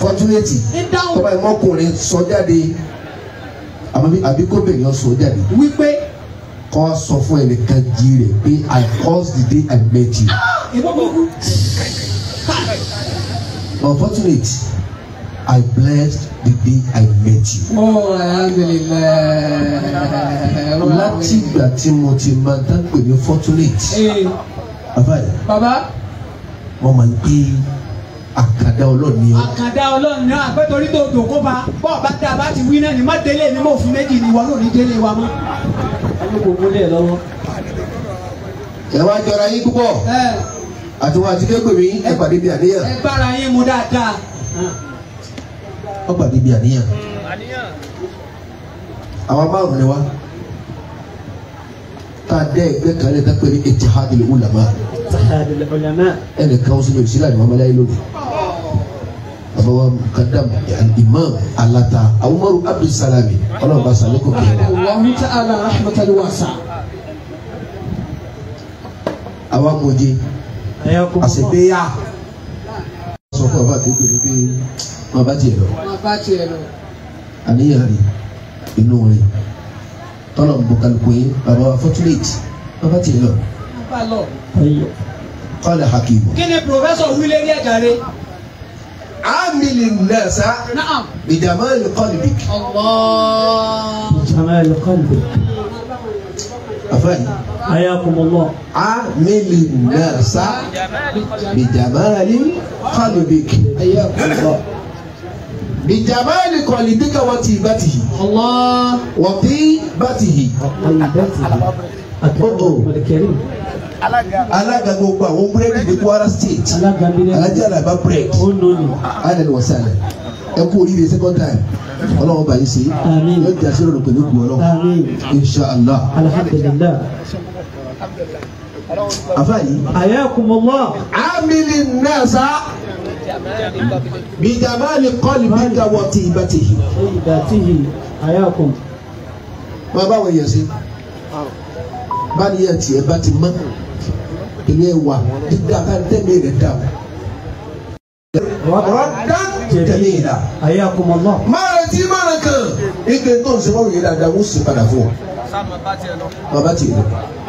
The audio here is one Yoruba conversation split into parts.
fọtúnẹ̀tì tọ́ba ẹ̀ mọ́kùnrin sọ jáde àbí kóbìnrin sọ jáde. wípé kọ́ sọ fún ẹnìkan jí rẹ̀ pé I cause the day I met you. Ah! Unfortunate, I blessed the day I met you. Oh, láti ìgbà tí mo ti máa dápè ní fortunate. Eh. bàbá yìí wọ́n máa ń gbé àkàdá ọlọ́run ni ọ. àkàdá ọlọ́run ni ọ àpẹ torí tó dùn kó ba bọ́ ọba tá a bá ti wí náà ni má délé mi mọ̀ fún méjì ni ìwọ náà ní délé wa mọ́. ẹni kò múlẹ̀ lọ́wọ́. ẹ wá jọra yín púpọ̀ àtiwọn àti kékeré ẹ pàdé bí àníyàn. ẹ bára yín mu dáadáa. ọ pàdé bí àníyàn. àwọn márùn-ún ni wá tá a dẹ ẹgbẹ́ kan lè dápẹ́ ní ittihadul ulama. ittihadul ulama. ẹnì kan sínú ìsílẹ̀ ni wọ́n mẹ́lẹ́ lónìí abawa mukadam yan imam alata awumaru abdulsalami ọlọ́run bá sàlẹ kò kẹ. Allahu ta'ala rahmatan wasa. àwa mọ̀jẹ àṣepéyà. sọ fún bàbá àti ìpèsè pé máa bá tiẹ̀ lọ. máa bá tiẹ̀ lọ. àníyàn rẹ̀ inú rẹ̀ tọ́lọ̀ ń bọ̀ kálukú yín bàbá wa fọ́túlẹ̀tì máa bá tiẹ̀ lọ. kọ́lẹ̀ hakimu. kí ni pòfẹ́sọ̀ wílé ní ẹ̀gá rẹ̀. جامل الناس نعم بجمال قلبك الله بجمال قلبك أفهم حياكم الله عامل الناس بجمال قلبك حياكم الله بجمال قلبك وطيبته الله وطيبته وطيبته الكريم alága gbogbo àwọn búrẹ́dì ní Kwara State alájà alaba bread alẹ́ wasalẹ̀ ẹ kú oríire second time ọlọ́run bá yín sí yóò di àṣírí ọ̀rọ̀ pẹ̀lú ìgbò ọlọ́run insha allah. alhamdulilayi. afayi. ayakumullah. amili nasa bijamali kọli bika wọti ibatihi. ibatihi ayakum. bàbá wọ̀nyẹ̀sí bá ní yẹ̀ tiẹ̀ bá ti mọ́ ìyẹn wà dídá kan tẹ̀lé rẹ̀ dà o. rọ̀dá tẹ̀lé yìí la. ayé akumọ̀ náà. máa retí máa rẹ̀ kàn. ike tó ń sọ́wọ́ yìí dáadáa ń sì padà fún ọ. máa bá tiẹ̀ lọ.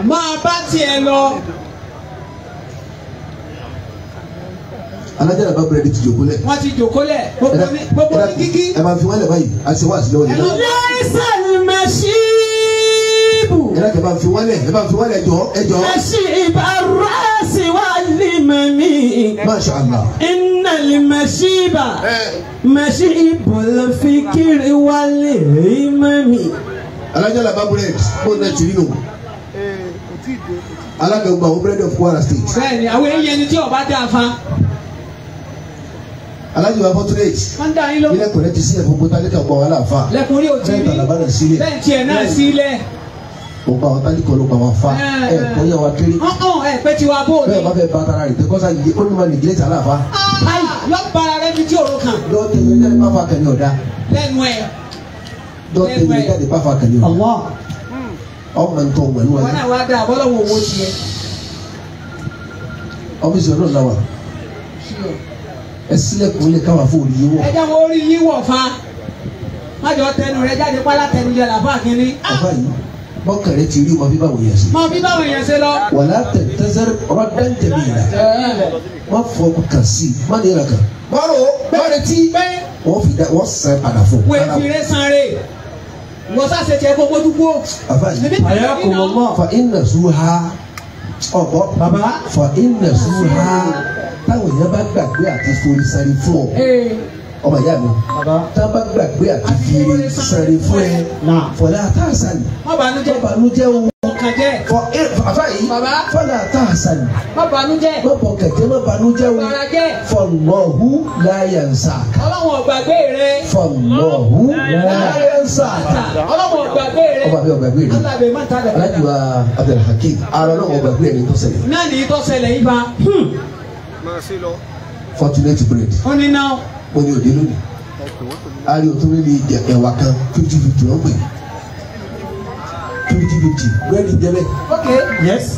máa bá tiẹ̀ lọ. alájà bá bẹ̀rẹ̀ de ti jòkó lẹ̀. wọ́n ti jòkó lẹ̀ gbogbo ní kíkí. ẹ máa fi wọ́n lẹ̀ báyìí àti wọ́n àti lọ́wọ́ nígbà. ẹ̀rọ ní sàlùmẹ̀sí yàrá kẹfà fi wọn lẹ ẹ bá fi wọn lẹ jọ ẹ jọ. ẹṣin ìbára sí wa límẹ̀ mi. masha allah. iná lè mẹṣí ibà. mẹṣí ìbọ̀lẹ̀ fi kiri wa lè rí mi. alájàlá bá búrẹ́dì kó nà tìrì nù. alágbègbè àwọn búrẹ́dì of Kwara State. bẹ́ẹ̀ni àwọn èèyàn ẹni tí ọba dá fa alájọ bá fọtún léyìí ilẹ̀kùn rẹ ti sílẹ̀ fún gbọtà nígbà gbọ wàhálà fa lẹkùn rí òtí rí o pa àwọn tájú kọlu pa àwọn fa eh. ẹ kọ yẹ wa kiri. ẹ pẹ ti wa bó o ní. bẹ́ẹ̀ bá ba tara ah, rẹ tẹkọsa yìí ó ma nìgílẹ tí a la fa. ayi lọ bara rẹ bi tí o kan. lọ tẹmẹ ní ẹni bá fa kẹlẹ ọdá. lẹnu ẹ. lọ tẹmẹ ní ẹni bá fa kẹlẹ ọdá. ọmọ ntọ ọmọ ẹni wa. wọn náà wá dá abọ́lá wo wo tiẹ̀. ọmọ ìṣòro náà wà. ẹ sílẹ̀kùn lè káwá fún olùyí wọ̀. ẹ jẹ́ wọ́n orí yí wọ̀ fa. má jọ tẹnu rẹ jáde pálá tẹnu jẹ làbá kínní. àbá yìí bọ́kàrẹ́ ti rí mọ bí báwo yẹn ṣe. mọ bí báwo yẹn ṣe lọ. wàlá tẹ̀sán rọ́dán tẹ̀mí ìlà. má fọ kàn sí má nira kan. bọ́rọ̀ bọ́rọ̀ tí wọ́n fi da wọ́n sàn padà fún. wẹ́ẹ́ fi rẹ́ san re wọ́n sá ṣe tiẹ̀ kó mójú kó. àfa yìí àyà kò mọ̀ mọ́. fa iná su ha ọ̀bọ. baba fa iná su ha táwọn yẹn bá gbàgbé àti forí sáré fún ọ ọmọ ìyá mi tá a bá gbàgbé àti fi sẹ̀rẹ̀ fún ẹ fọlá àtàsán ọbànújẹ́ o fọ ẹ fàfà yìí fọlá àtàsán ọbànújẹ́ lọ́pọ̀ kẹ̀kẹ́ lọ́bànújẹ́ o fọlọ́hu láyẹ̀nsà ọlọ́wọ̀n ọ̀gbàgbé rẹ fọlọ́hu láyẹ̀nsà ọlọ́wọ̀n ọ̀gbàgbé rẹ ọbàbí ọ̀gbàgbé rẹ alájùwà abdulhakeem ara ọlọ́wọ̀n ọ̀gbàgbé rẹ ní tọ́sẹ̀lẹ̀ náà ní tọ́sẹ̀lẹ̀ yìí bá hmm. fortunate bread. ó ní náà mo ní òde lónìí ari òtúnbí ni ẹ̀wà kan fifty fifty wọ́n pè fifty fifty bírèdì jẹ́bẹ̀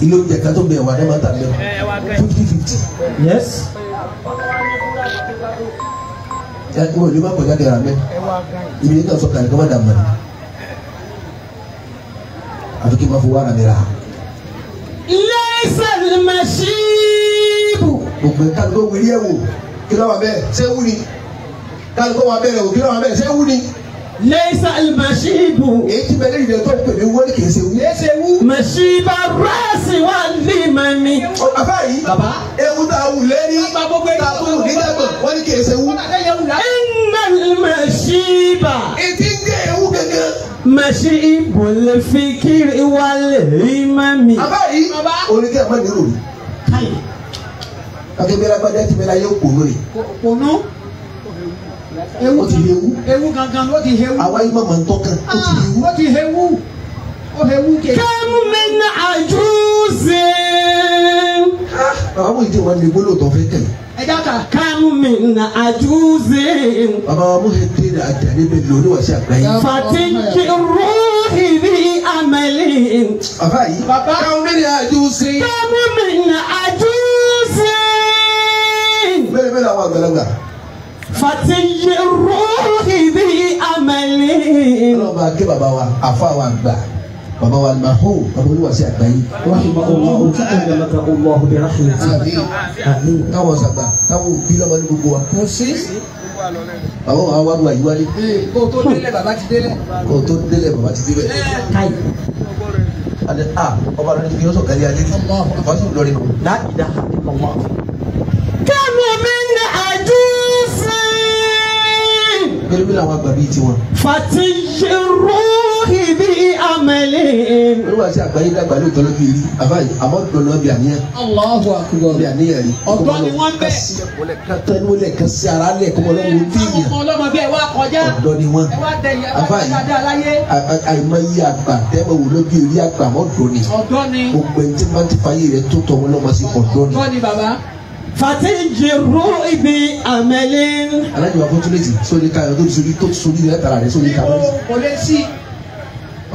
ilé oúnjẹ kan tó bẹ ẹ̀wà dẹ́mọ̀ tà bẹ́ẹ̀ fifty fifty ẹ wọ́n ní bá kọjá dẹ̀ rà ibi yẹn kan sọ kàlẹ́ kọ́ mọ́ ni àfi kí n máa fowó ara mi rà. lẹ́sẹ̀ ni màṣíìbù. gbogbo ìka ló wíri ẹ̀ wò kí ló wà bẹ́ẹ̀ ṣé wúri kálukọ́ wa bẹ̀rẹ̀ òkè náà wa bẹ̀rẹ̀ sẹ́wù ni. lẹ́sà màṣíbù. èyí ti bẹ̀rẹ̀ ìdè tó pèlè owó ni kì í sẹ́wù. yé sẹ́wù. màṣíbà rẹ́ẹ̀sì wà ní mami. bàbá yìí bàbá ewu tá a wù lérí tá a tó wù nígbàgbọ́ wọ́n ní kì í sẹ́wù. iná màṣíbà. ètí ń jẹ́ ewu gẹ́gẹ́. Màṣí ibò lè fi kiri wálé rí mami. Bàbá yìí, oníkẹ́ àmọ́ ìdúró ewu ti hewu. ewu gangan ló ti hewu. àwa yìí màmá ń tọ́kàn ti ah, hewu. ó ti hewu ó hewu ké. kẹ́mu ní àjùsí. bàbá ah, mo ìdí wọn lè gbóló tó fẹ́ tẹ̀lé. ẹ dáka. kẹ́mu mi ní àjùsí. bàbá wa mo hẹ́tẹ́ ní àjàdé bẹ́ẹ̀ lórí wàṣẹ àgbáyé. fàtíjì rúhì bí amẹ́lì. bàbá yìí. bàbá ní àjùsí. kẹ́mu mi ní àjùsí. bẹ́ẹ̀ bẹ́ẹ̀ làwọn àgbàlagbà fatiye ruhi bi amali. ọlọ́run bá ké bàbá wa àfa wa gbà bàbá wa ma hó bàbá olúwa sí àgbáyé. rahima allah ojú ẹ̀rọ mẹ́ta allah bi rahima ti. táwọn sàgbà táwọn òbí lọ́mọ ní gbogbo wa. kò sí. bàbá wa wá wá ìwálé. kò tó délẹ̀ bàbá ti délẹ̀. kò tó délẹ̀ bàbá ti délẹ̀. káyì ale a ọba lórí fi yọsọ kari ale ni fasun lórí. láti dá ọmọ. nítorí pé làwọn àgbà bíi tiwọn. fati ṣerú ibi amẹ́lẹ̀. olúwa ṣe àgbáyé dàgbà lóòótọ́ ló fi rí àbáyé àmọ́ dọ̀nà bí àníyàn. Allahu akbar bí àníyàn rí. ọ̀dọ́ ni wọ́n bẹ̀. sí ara lẹ̀ kọ́mọ lọ́wọ́ tí yẹn. ọmọ ọlọ́mọ bí ẹ wá kọjá. ọ̀dọ́ ni àbáyé àìmọye àgbà tẹ́wọ̀ wò fati jiru ibi amẹ́lẹ́. alájọ wa fún túlẹ̀tì sórí ká tó sórí tó sórí rẹ tara rẹ sórí ká lọ́sí. kò lè sí.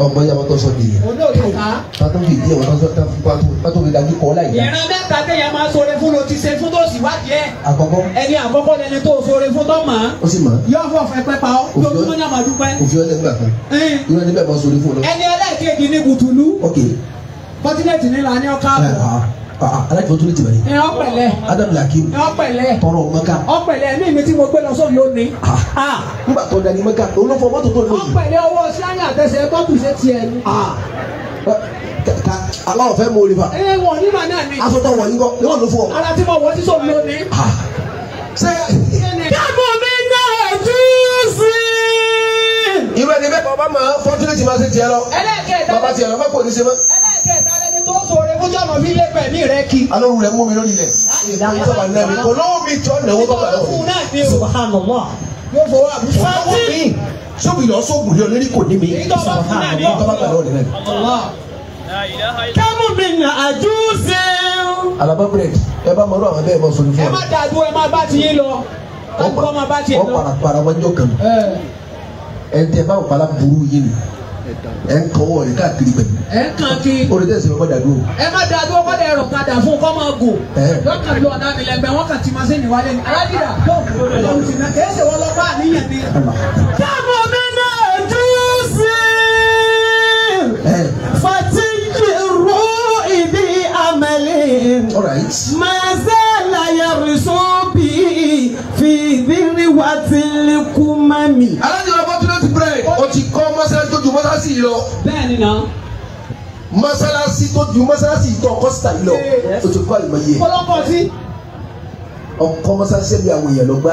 ọmọ yà wọn tó sọ nìyẹn. o n'o lè ta. pátó fi di ẹwọn tó fi pátó pátó fi dájú kọ́ láyé. ìran mẹ́ta tẹ̀yà máa sọ̀rọ̀ fún lo ti ṣe fún tó sì wádìí ẹ̀. àkọ́kọ́. ẹni àkọ́kọ́ lẹni tó sọ̀rọ̀ fún tó mọ̀. ó sì mọ̀. yọ fọ fẹ pẹ pa ọ. lójúmọ́ náà máa dúpẹ́. òfin ọlẹ́gbà kan. ìran níbẹ̀ mọ sọ̀rọ̀ fún lọ. ẹni ẹlẹ́ẹ̀kejì ni bùtùlù. ok. pọ́tílẹ̀tì ni làní ọkọ̀ àbọ̀ alájọ tó ní tìmọ̀ yìí. ẹ ọpẹlẹ. adamu lakim. ẹ ọpẹlẹ. tọrọ maka. ọpẹlẹ ní èmi tí mo gbé lọ sọ yóò ní. nígbà tó dání maka olófò mọ́tò tó lóyún. ọpẹlẹ ọwọ́ sáyà àtẹsẹ̀ tọ́tù ṣe tiẹ̀ ni. Ah. aláwọ̀ fẹ́ mú o lè fa. ẹ wọ ní màá náà ni. aṣọ tó wọ̀ yín kọ́ yóò ló fọ. ara tí mo wọ sí sọ lónìí. Ah. ṣé. káàbọ̀ mi náà júùsì irú ẹni bẹ́ẹ̀ bàbá máa fọ́túnìtì máa ṣe tiẹ̀ lọ bàbá tiẹ̀ lọ bá kò ní ṣe mọ́ jọ̀nà mi lé pẹ̀mí rẹ kí. alóhùn rẹ mú mi lórí ilẹ̀. ìdáhùn mi kò lówó mi jọ lọ. ìdáhùn náà mi ò yóò fọwọ́ àbúrò fọwọ́ mi. sóbì lọ sóògùn ní olórí kò ní mi. ìtọ́ba fún náà mi ò. ìtọ́ba gbàdọ̀ alaba bread ẹ bá mọ̀rọ̀ àwọn bẹ́ẹ̀ bọ́ sórí fún wa. ẹ má dàdú ẹ má bá ti yín lọ. ó para para wájú kan. ẹ ẹ tẹ báwo para burú yín ni ẹ ń kọwọ rẹ káàkiri pẹ̀lú. ẹ ń kàn kí. o lè tẹ̀sí ọkọ̀ dàdúró. ẹ má dàdúró kọ́ dẹ̀ ẹ̀rọ padà fún kọ́ máa gò. lọ́kàn lọ ọ̀dà mi lẹ́gbẹ̀ẹ́ wọ́n kà ti máa ṣe níwájú ẹni. alájìdá tó lóun ti ná kẹ́sì wọn lọ bá àníyàn ni. káàmù mi náà dùn sí i. fati ru ibi amẹ́lì. máa ṣe àlàyé rìsọ́ọ̀bì fìdí ni wàá ti lè kú mami. alájìdá mọ́sálásí yìí lọ. bẹ́ẹ̀ni na. mọ́sálásí tó ju mọ́sálásí yìí tó ọkọ síta yìí lọ o ti kọ́ àlùmọ́ yìí. kọ́lọ́kọ́ sí. ọkọ mọ́sálásí bí àwọn èèyàn lọ gbá.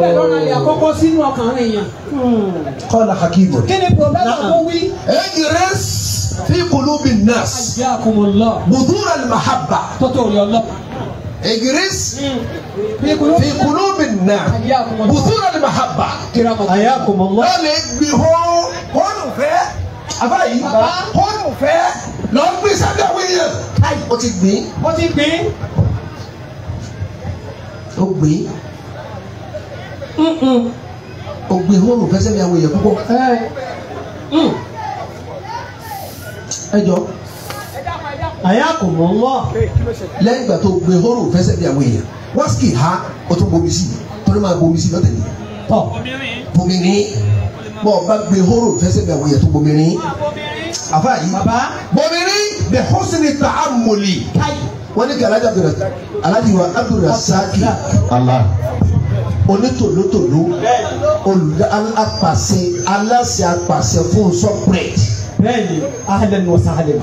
bẹ́ẹ̀ lọ́ra lè àkọ́kọ́ sínú ọkàn èèyàn. kọ́lá hakimu. kí ni pòfẹ́sọ̀ tó wí. ẹ̀yìn rẹ̀ fi kulubi nas. ajakumullah. budura al-mahabba. tọ́tò rí ọlọ́ اجرس في قلوب الناس بذور المحبة حياكم الله قال اجبهوا fẹ́ àbá yìí kóònù fẹ́ lọ ń gbin sábẹ́ wíyẹn káyì ó ti gbìn. ó ti gbìn. ó gbìn. ó gbìn kóònù fẹ́ sẹ́mi àwọn èèyàn púpọ̀. Mm. ẹ jọ àyà kò mọ̀ ń wọ̀. lẹ́yìn ìgbà tó gbin kóònù fẹ́ sẹ́mi àwọn èèyàn wọ́n sì kì í ha ó tún bomi sí i torí máa bomi sí i lọ́tẹ̀lẹ̀. bọ̀ bomi rin bọ́ ba gbé horo fẹsẹ̀ bẹ̀ wòye tó bomirin àfa yìí bomirin bẹ̀ hosini ta amòlì wọ́n ní kí alájà bẹ̀rẹ̀ alájì wa Abdulrasaki Allah onítòlótòló olùdá apàṣẹ aláṣẹ apase fún sọpẹrẹ. bẹ́ẹ̀ni ahlan wa sahlan.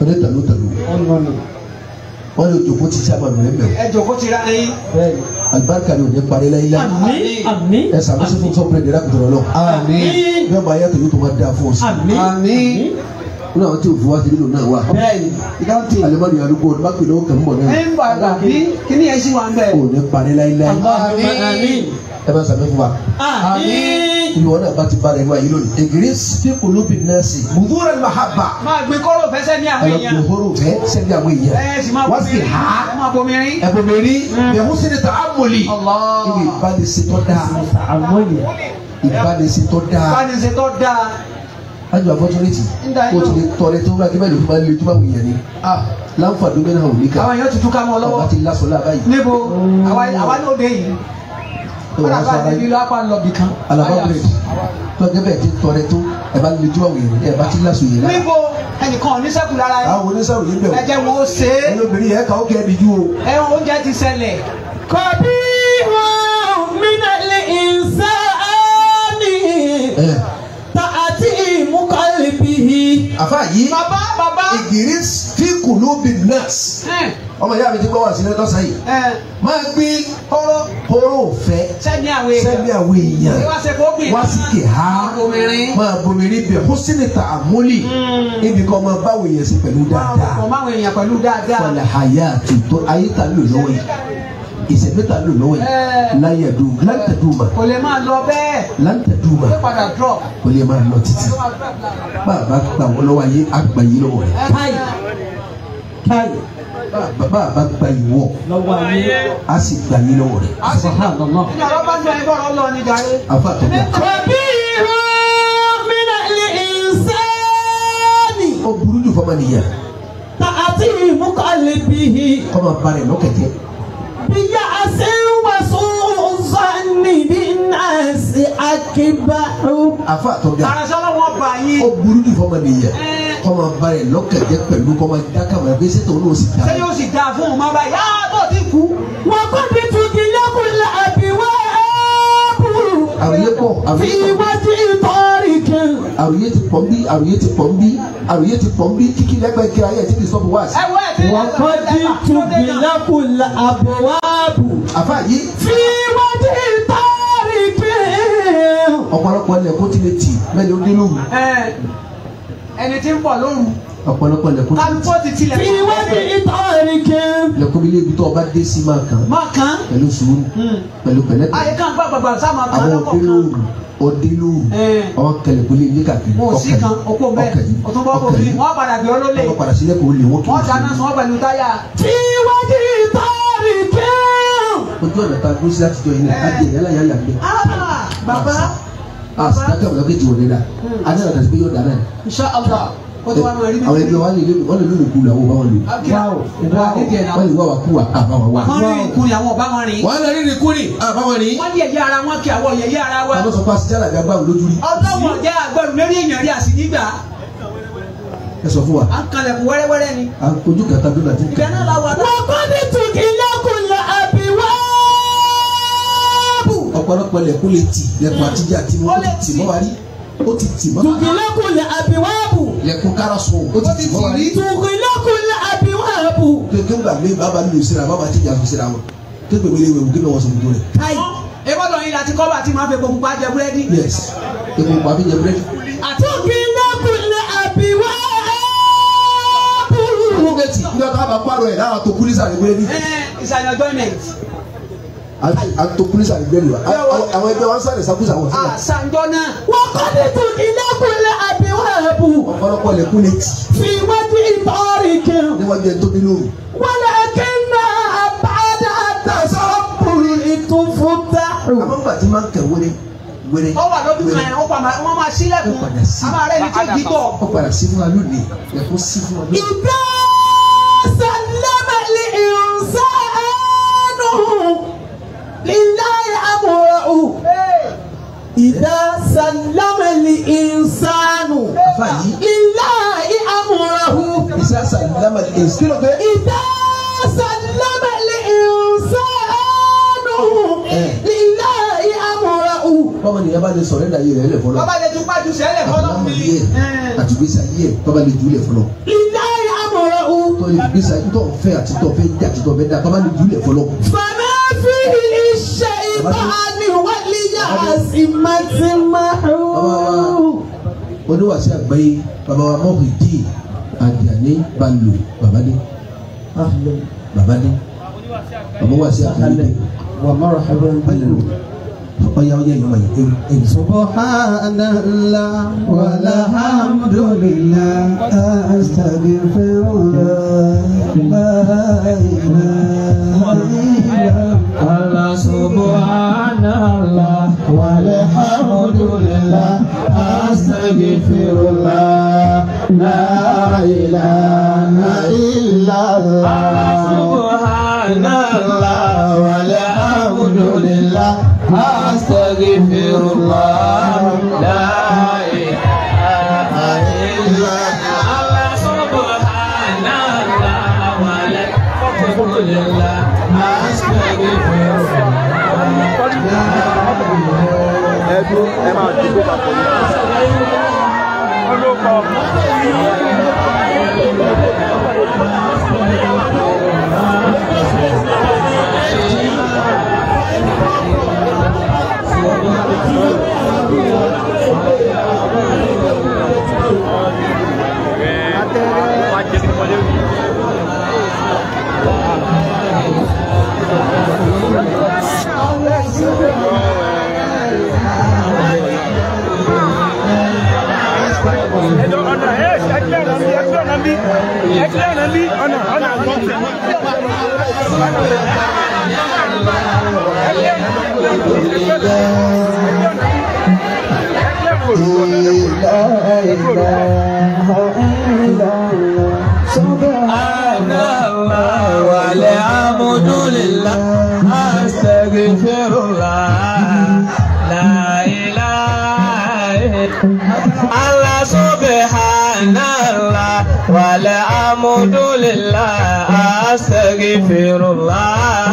onítòlótòló wọ́n ní ojoko ti sábà lórí mẹ́wọ́. ẹ joko ti rárá yín. bẹ́ẹ̀ni alibarika ni o ni pari la ila ẹ sàmúsí fún sọpẹrẹ dẹrẹ kùtùrọ lọ bẹ́ẹ̀ bá yàtọ̀ yóò tó ma da fún ọ sí n náà tí o fún wa ti nílò náà wa. bẹ́ẹ̀ni ìdáhùn alimọdé arúgbó ọdún bá pè lọ́wọ́ kàn ń bọ̀ náà. ẹ ń bọ̀ àgbà bí kíní ẹ ṣì wà ń bẹ. o ní pari la ila ẹ bá sàmì fún wa. àmín ìlú ọ̀nà bá ti balẹ̀ wá yìí lónìí. dègírí fíkù ló bì nẹ́ẹ̀sì. mùdúrà ni màá bà. máa gbé kóró fẹ́ sẹ́mi àwọn èèyàn. ẹ lọ gbé kóró fẹ́ sẹ́mi àwọn èèyàn. wá sí ha. ẹ máa bomi rin. ẹ bomi rin. yẹ̀wù mm. sí ni tààmùlì. ibi ìbánisẹ́tọ̀ dáa. ìbánisẹ́tọ̀ dáa. ìbánisẹ́tọ̀ dáa. ajo opportunity. o ti tọrẹ tó wúra kébẹ̀ ló fi máa le yẹn ni. ah láǹfààní mẹ́rin àwọn òní kan. àwọn èèyàn tuntun ká mọ́ lọ́wọ́. àwa ti lásọ̀lá báyìí. níbo mm. àwa ní òde kódà bá a níbi lápá lọ bì kan. alaba bread tọ́jú bẹ́ẹ̀ ti tọrẹ tó ẹ bá lójú àwọn èèyàn ẹ bá ti lásù yẹn. níbo ẹnìkan oníṣẹ́kù lára yẹn. àwọn oníṣẹ́kù yẹn bẹ̀rù. ẹ jẹ́ wọn ó ṣe é. ẹni obìnrin yẹn kà ó kẹ́ ẹ díjú o. ẹ oúnjẹ ti ṣẹlẹ̀. kọ̀bí wọn mí náà lè ń sá àní àfa yìí baba baba ìgìrì fíkù ló bí nurse ọmọ ìyá mi ti gbọ́ wà sílẹ̀ lọ́sàn yìí. máa gbé kọ́rọ́ kóró fẹ́ sẹ́mi àwọn èèyàn wá sí kìhá máa bomirin bẹ̀ fún ta àmúlì hmm. ibi kan máa báwo èèyàn sí pẹ̀lú dáadáa fọlẹ̀ àyà tuntun ayé ta ló lọ́wọ́ yìí ìṣẹ̀lẹ̀ ta ló lọ́wọ́ yìí eh. láyé dùn láǹtẹ̀ dùn ma. kò lè máa lọ bẹ́ẹ̀. láǹtẹ̀ dùn ma. kò lè máa lọ títí. bàbá gbà wọ́n lọ́wọ́ ayé àgbà yìí lọ́wọ́ rẹ̀. káyì eh, káyì bàbá bá gba ìwọ a sì gba yín lọ́wọ́ rẹ̀. afa tó bá. o burú jù fọmọ nìyẹn. ta àti ìmúkalè bíi. kọ́mọ balẹ̀ lọ́kẹ̀kẹ́. bíyà a ṣe ń wàásù ń sọ ní bí náà sí akíbá. àfa àtọ́jú àrẹsọ́lọ́ wọn bá yín. ó burú jù fọmọ nìyẹn kọ́mọ bá rẹ̀ lọ́kẹ̀jẹ́ pẹ̀lú kọ́mọ dákàmọ́ ẹgbẹ́ sẹ́tọ̀ ó ló sì dá. sẹ́yìn ó sì dá fún un má bá yá bó ti kú. wọ́n kọ́ bí tuntun lẹ́kùnlé àbíwá ẹ̀ẹ́bù. àwòye pọ̀ àwòye pọ̀. fi iwájú ìtọ́rì kan. àwòye ti pọ̀ bí àwòye ti pọ̀ bí àwòye ti pọ̀ bí kíkí lẹ́gbẹ̀ẹ́ kí ayé ẹ̀ ti fi sọ́ọ̀bù wá sí. wọ́n kọ́ bí tuntun lẹ́kùnlé àbíwá ẹ̀ẹ́bù. àfáà yìí. fi iwájú ìtọ́rì ọ̀pọ̀lọpọ̀ ilẹ̀kùn ti lè tì bẹ́ẹ̀ ó dé lóru. ẹni tí ń bọ̀ lóru ọ̀pọ̀lọpọ̀ lẹ̀kún tí tí wọ́n ti ìtọ́ ẹni ké. lẹ̀kún mi lébi tó o dé sí máa kàn. máa kàn. pẹ̀lú sùúrù hmm. pẹ̀lú pẹ̀lẹ́pẹ̀lẹ́. àyè kan gbàgbàgbà sáà máa kàn lọ́kọ̀ kan. àwọn òde lóru ọwọ́ kẹlẹ̀kún lé ojú ọ̀nà ta gbósí àtijọ́ yìí náà adé yàrá yàrá yàrá bẹ́ẹ̀. bàbá bàbá àtàkà bàbá kejì wọlé la adé yàrá tàbí yóò dáná. Insha Allah kótó wa máa rí mi. àwọn ẹgbẹ́ wa lè lé wọn lè lé òkú làwọn ọba wọn lò. wọ́n lè wá wa kú wa àbá wa wá. wọ́n rí ìkúni àwọn ọba wọn rìn. wọ́n lè rí ìkúni àbá wọn rìn. wọ́n yẹ̀yẹ́ ara wọn kí àwọn yẹ̀yẹ́ ara wa. àwọn sọ pé asijala gba gbàrú lójú rí. ọlọ́wọ̀n jẹ́ àgbẹ̀rù lórí èèyàn rí àsìnígbà ẹ sọ fún wa. a kalẹ̀ kú wẹ́rẹ́wẹ́rẹ́ ni. a kojú ọ̀pọ̀lọpọ̀ lẹ̀kùn lè tì lẹ̀kùn àtijọ́ àti mọ́ tì mọ́ wa rí ó ti tì mọ́. tùkìlẹ́kùn lẹ àbíwáàbù. lẹ̀kùn kárọ̀sùn ó ti tì mọ́ wa rí. tùkìlẹ́kùn lẹ àbíwáàbù. kékeré gbà mí bàbá mi ò síra bàbá tíjà ò síra wọn tó gbègbè lè wẹ̀wù kí lọ́wọ́ sọ gbogbo rẹ̀. ayi ewọ́dọ̀ yìí láti kọ́ba tí máa fi epo pupa jẹ búrẹ́dì. yes epo àti àtòkùnrin sàgbẹ́nu àwọn ẹgbẹ́ wọn sáré sakusa wọn. àṣàjọ náà. wọ́n kọ́ ní tún ilẹ̀kùnlé àdéhùn. ọ̀pọ̀lọpọ̀ lẹ́kùn lè tì. fi iwájú ìtọ́rì kẹ́. níwájú ẹ̀ tóbi lóru. wọlé kí n na àbáda àtàṣọ kùrù ìtúfúta. àwọn gbàtí máa ń kẹ wéré wéré. ó wà lóbi kan yẹn wọ́n máa sílẹ̀kùn. ó padà sí. àmọ́ àrẹ ní tó dìgbò. ó padà sí fún wa lónìí. ẹ̀kọ́ sí fún wa lónìí. ìbẹ́ ìdá sàlámẹ́lì ìsánù ìlà ìhàmúrahu. ìdá sàlámẹ́lì ìsánù. ìdá sàlámẹ́lì ìsánù ìlà ìhàmúrahu. bàbá nìyẹn bá sọ̀rọ̀ ẹ̀dá yìí rẹ̀ lẹ̀ fọlọ́. bàbá lè tún pàjù sẹ́lẹ̀ fọlọ́. àtùgbèsà yìí ẹ̀ bàbá lè jùlẹ̀ fọlọ́. ìlà ìhàmúrahu. tọ́ ìgbésà yìí tọ́ àsìmọ́tì márùn. oníwàsí àgbáyé bàbá wa Muyideen Àjàní Bello babadé babadé bàbá wàsí àgbáyé. wa marhaban. إن سبحان الله والحمد لله أستغفر الله لا إله إلا سبحان الله والحمد لله أستغفر الله لا إله إلا الله سبحان الله ẹdún ẹ máa dìbò papọ̀ yìí. olùkọ́. Thank you. Oh, إله إلا الله سبحان الله الله لا إله الله لله أستغفر الله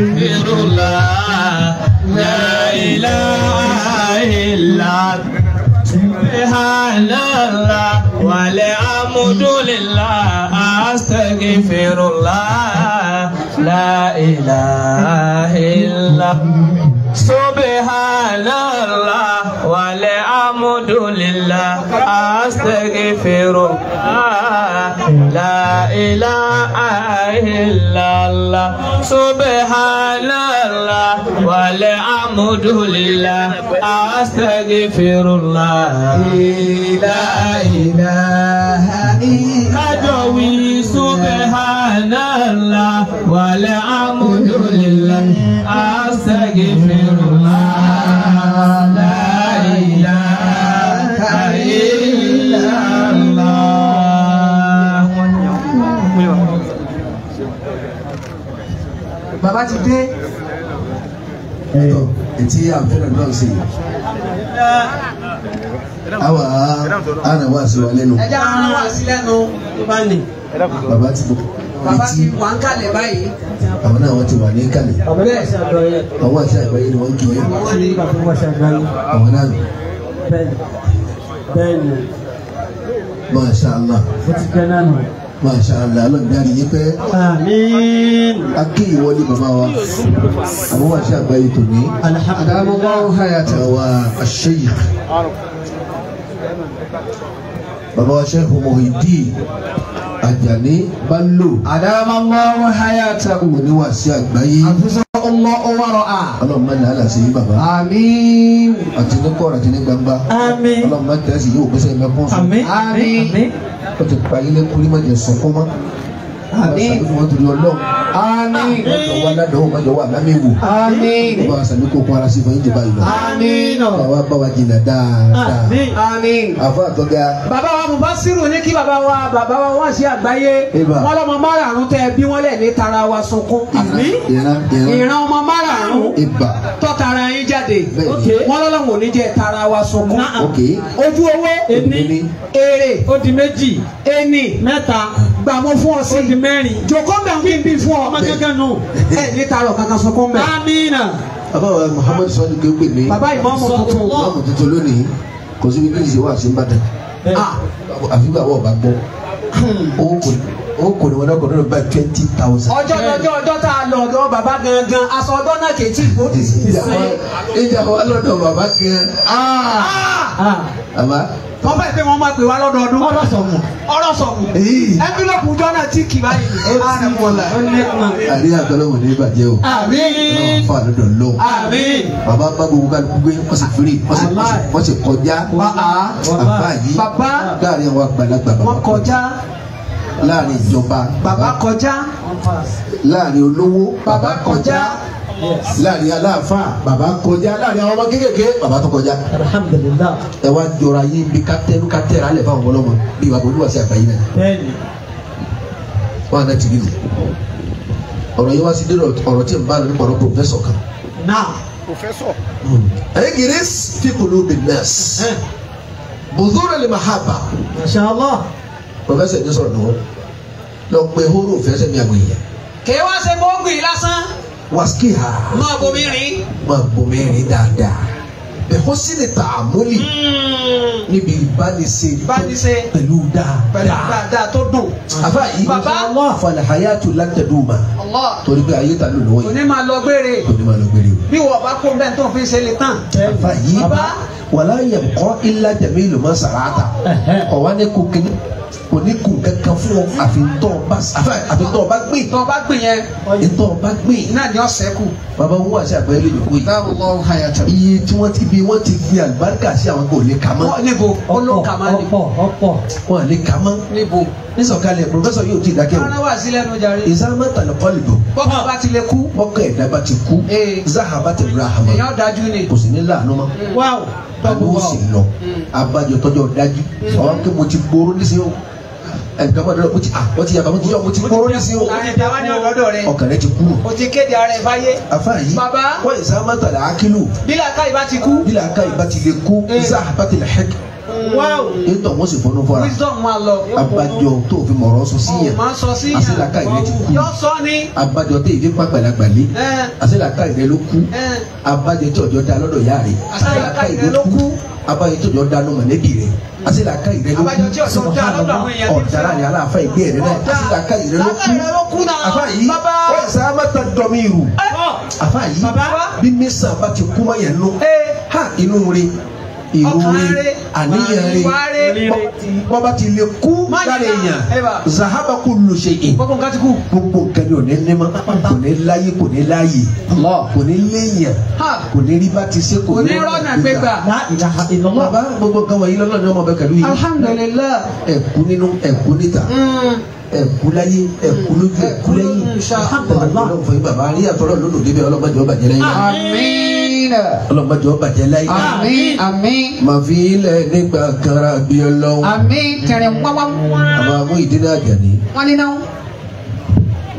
Astaghfirullah la ilaha illa Subhanallah wal hamdulillah Astaghfirullah la ilaha illa Subhanallah والحمد لله أستغفر لا إله إلا الله سبحان الله والحمد لله أستغفر الله لا إله إلا الله سبحان الله والحمد لله أستغفر الله bá ti dé ẹ̀tọ́ ètí àfẹ́rẹ́ náà sí awa ana wa sí wa lẹ́nu. ẹja ana wa sí lẹ́nu tó bá nì. bàbá ti bọ. bàbá ti wà ń kalẹ̀ báyìí. àwọn náà wọ́n ti wà ní kalẹ̀. àwọn àti àgbáyé ni wọ́n kì í. àwọn náà. bẹ́ẹ̀ni. masha allah. ó ti jẹ́ náà nù masha allah ọlọ́run dárí yín pẹ́. àmín. a kí ìwọlé bàbá wa àmọ́ wà sí àgbáyé tòní. alhamdulilayi adáwọ̀ hayata wa aṣèyí. bàbá wa Sheikh Muhyiddin Àjàní Bello. adáwọ̀ hayata oníwà sí àgbáyé. àfisọ́ ọlọ́ ọwọ́rọ̀ a. ọlọ́run máa ń lálẹ́ àṣẹ yín bàbá. àmín. àti ní kọ́ọ̀rọ̀ àti ní gbangba. àmín. ọlọ́run tẹ̀sí yóò gbẹ́sẹ̀ mẹ́kún fún. àmín. àmín. àmín ó ti parí lẹ́kùn rí mọ̀jẹ̀ sunkún mọ́ àmín ìfọwọ́n torí ọlọ́run àmín ọjọ́ wa ládàá wọn ọjọ́ wa lámì wò àmín ọba sàmì kò kún ara sí fún ìjọba ìlọ àmín náà bàbá bá wa jìnnà dáadáa àmín àfọ àtọ́gá. bàbá wa Mubasiru ní kí bàbá wa bàbá wa wá sí àgbáyé wọn lọmọ márààrún tẹ bí wọn lẹ ní tara wa sunkún àmín ìran ọmọ márààrún tọ́ tara yín jáde wọn lọ́lọ́wọ̀n ò ní jẹ́ tara wa sunkún ojú owó èrè ó di méjì ẹni mẹ́ta gbà mọ fún ọ sí. ó di mẹ́rin. jòkó mbẹ́ ń bí fún ọ. ọmọ kankan nù. ẹ ní taarọ kankan sọ kó mbẹ. amina. bàbá wa muhammadu sọ ni kí o pè mí. bàbá yìí mọ́mọ́ tuntun. mọ́mọ́ tuntun lónìí kò síbi kí n ṣe wá sí nbàdàn. Ah, àfi bàbá ọba gbọ́ o hmm. kò ní wọn náà kò ní bá twenty thousand. ọjọ́ lọ́jọ́ ọjọ́ tá a lọ ọ̀dọ̀ bàbá gangan aṣọ ọdọ́ náà kì í tí kò tí ì sí. ìjà wa lọ́dọ̀ bàbá gan. Ah. Ah. bàbá wọ́n fẹ́ pé wọ́n máa pè wá lọ́dọọdún. ọ̀rọ̀ sọ̀mù. ọ̀rọ̀ sọ̀mù. ẹ́ńfílọ́pù jọ́nà tí kì báyìí. ó ti wọlé. àbí àtọ́lọ́wọ̀n ní ìbàjẹ́ o. àbí. ọlọ́run fà lọ́dọ̀ lọ. àbí. bàbá bá gbogbo kálukú gbé wọ́n sì firi wọ́n kọjá. bàbá yìí láàrin àwọn àgbàlagbà bàbá kọjá. láàrin ìjọba bàbá kọjá. láàrin olówó bàbá kọjá láàrin aláàfáà bàbá kọjá láàrin àwọn ọmọ kéékèèké bàbá tó kọjá. alhamdulilah. ẹ wá jọra yín bí kátẹ́rù kátẹ́rù alẹ́ fáwọn ọmọlọ́mọ bí wàá bọ̀ olúwa sí àgbáyé náà. bẹ́ẹ̀ni. wọn àná tìbí nù ọ̀rọ̀ yẹn wá sí dérò ọ̀rọ̀ tí n bá lọ nípa ọ̀rọ̀ pòfẹ́sọ̀ kan. náà pòfẹ́sọ̀. Hmm. ẹ̀yin gèrè fíkùlù bìnnẹ́sì. bùdúrà lè máa hábà. masha Allah. pòfẹ́sọ̀ ní sọ̀rọ̀ lọ́wọ́ lọ pé hóró òfẹ́sẹ̀ mi àgbẹ̀yẹ. kèé wá ṣe gbóngbì lásán wàsíkìhà. máa bomi dada. máa bomi rìn dáadáa bẹ̀kọ́ sí ni tà á mọ́lì. Hmm. níbi ìbánisẹ̀ pẹ̀lú dáadáa. dáadáa tó dùn. àbá yìí bàbá fàlẹ̀ àyà tó látẹ̀dùn ma. torí pé ayé ta ló lọ́wọ́ yìí. òní máa lọ gbére. òní máa lọ gbére o. bí wọ́n bá kó bẹ́ẹ̀ tó fi ṣe lè tán. àbá yìí bàbá wàlá yẹ kọ́ ilá jẹ̀mí ìlú mọ́ sàràtà ọ̀wá ní kò kíní kò ní kò kankan fún ọ àfi tọ́ ọba àfi tọ́ ọba gbìn. tọ́ ọba gbìn yẹn. ìtọ́ ọba gbìn. ni ọ̀sẹ̀ kù. bàbá wọn wá sí àgbáyé lójú kó yìí. báwo lọ ha yà tẹ. iye tí wọ́n ti bí ti gbin àlùbáríkà sí àwọn kò lè kà mọ́. níbo olókàmá níbo. ọ̀pọ̀ ọ̀pọ̀. wọ́n lè kà mọ́. níbo nísọ̀kalẹ̀ pòfẹ́sọ̀ yóò ti dákẹ́ o. ara wà sílẹ̀ nu jàre. ìsámá tàlùkọ́lì bò. bọ́kọ̀ bá tilẹ̀ kú. bọ́kọ̀ ẹ̀dá bá ti kú. zahaba ti ra àmọ́. èèyàn dájú ni. kò sì ní láàánú mọ́. wáwo. bàbá ó sì lọ. Mm. abájọ tọjọ dájú. Mm. ọ̀hún kí mo ti gbóró nísìnyí o ẹnìkan bá dọ̀rọ̀ mutí àwọn ah, ti yàgbà mutí yọ mutí kóró ní sí o. àyẹ̀dá wa ní ọ̀dọ́dọ̀ rẹ. ọkàn rẹ ti kú. o ti kéde ara ẹ fáyé. afa yìí baba wọ́n yẹ sáà má tàlà ákílù. bí làákà ìbá ti kú nítorí wọn sì fọnú fọra abájọ tó fi mọ̀rọ̀ sọ sí yàn àṣìlàkà ìrẹ ti kú abájọ tó ìdí pàgbàlagbà lé àṣìlàkà ìrẹ ló kú abájọ tí ọjọ́ da lọ́dọ̀ yá rẹ̀ àṣìlàkà ìrẹ ló kú abájọ tí ọjọ́ da lọ́mọ lẹ́bí rẹ̀ àṣìlàkà ìrẹ ló kú sọmọ ọ̀daràn ni aláàfáà ìgbé rẹ̀ náà àṣìlàkà ìrẹ ló kú àfáàyí wọ́n ṣe á má ta dọ́mí rù àfáàyí bí mẹ́sàn-án bá ti kú mọ́ yẹn nù ha inú rẹ̀ ìwúre àníyànre bọ́ba ti lè kú lára èèyàn zahaba kò lù ṣe é gbogbo nǹkan ni ò ní ní ma kò ní láyé kò ní láyè kò ní léèyàn kò ní rí bá ti ṣe kò ní rọ́nà gbégbà bàbá gbogbo nǹkan wọ̀nyí lọ́nà ni ọmọ bẹ pẹ̀lú yìí alhamdulillah ẹ̀kú nínú ẹ̀kú níta mm. ẹ̀kú láyé ẹ̀kú lójú ẹ̀kú lẹ́yìn alhamdulillah ọlọ́run fún yín bàbá rí àtọ́rọ̀ lódò débẹ̀ ọlọ́gbàjọ́ bàjẹ́ lẹ́yìn àmínà. ọlọmọdé ọba jẹ láyé. àmín àmín. màfi ilẹ̀ nígbà kanra bí ọlọ́run. àmín tẹ̀rẹ̀ wáwá. àmọ́ ìdílé àjàní. wọ́n ní náà.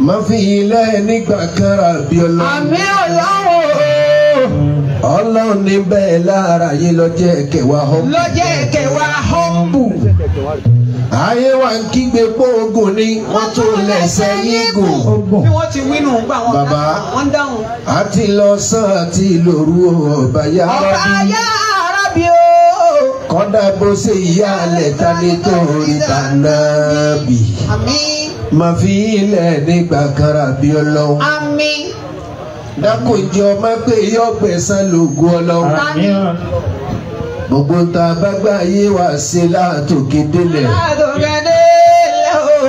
màfi ilẹ̀ nígbà kanra bí ọlọ́run. àmín ọlọ́run. ọlọ́run níbẹ̀ lára yìí lọ́jẹ́ kẹwàá họ́ọ̀bù. lọ́jẹ́ kẹwàá họ́ọ̀bù ayé wa ń kígbe pé ogun ni wọ́n tó lẹ́sẹ̀ yín gùn. bí wọ́n ti wínú gbà wọ́n bàbá wọ́n dáhùn. a ti lọ sàn àti lòru ọba yá rábì o. kọ́dà bó ṣe ìyá alẹ̀ ta ni tó rí ta náà bì. màá fi ilẹ̀ nígbà kan rábì ọlọ́run. àmín. dákun ọmọ pé yọ̀gbẹ̀sán lògùn ọlọ́run. àmín gbogbo ta bágbá yé wá sí látòkè délẹ̀. látòkè délẹ̀ o.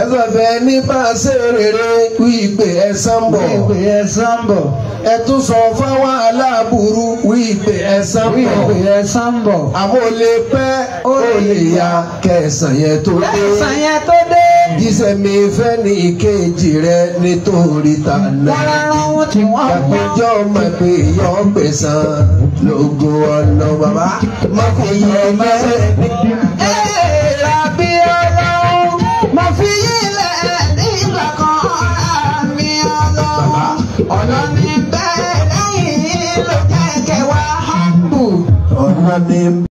ẹ sọ fẹ ní pàṣẹ rere wípé ẹ sàn bọ̀. wípé ẹ sàn bọ̀. ẹ tún sọ fáwọn aláàbùrú wípé ẹ sàn bọ̀. wípé ẹ sàn bọ̀. àmọ́ ó lè pẹ́ ó lè yá kẹsàn yẹn tó dé. kẹsàn yẹn tó dé jíṣẹ́ mi fẹ́ ní ìkejì rẹ nítorí tànà kàpéjọ́ mọ̀ pé yọ pẹ̀sán lógo ọ̀nà bàbá má fi yẹ lẹ́sẹ̀. Ọ̀nà mi bẹ́ẹ̀ lẹ́yìn ló jẹ́ kẹwàá hàn bù. Ọ̀nà mi.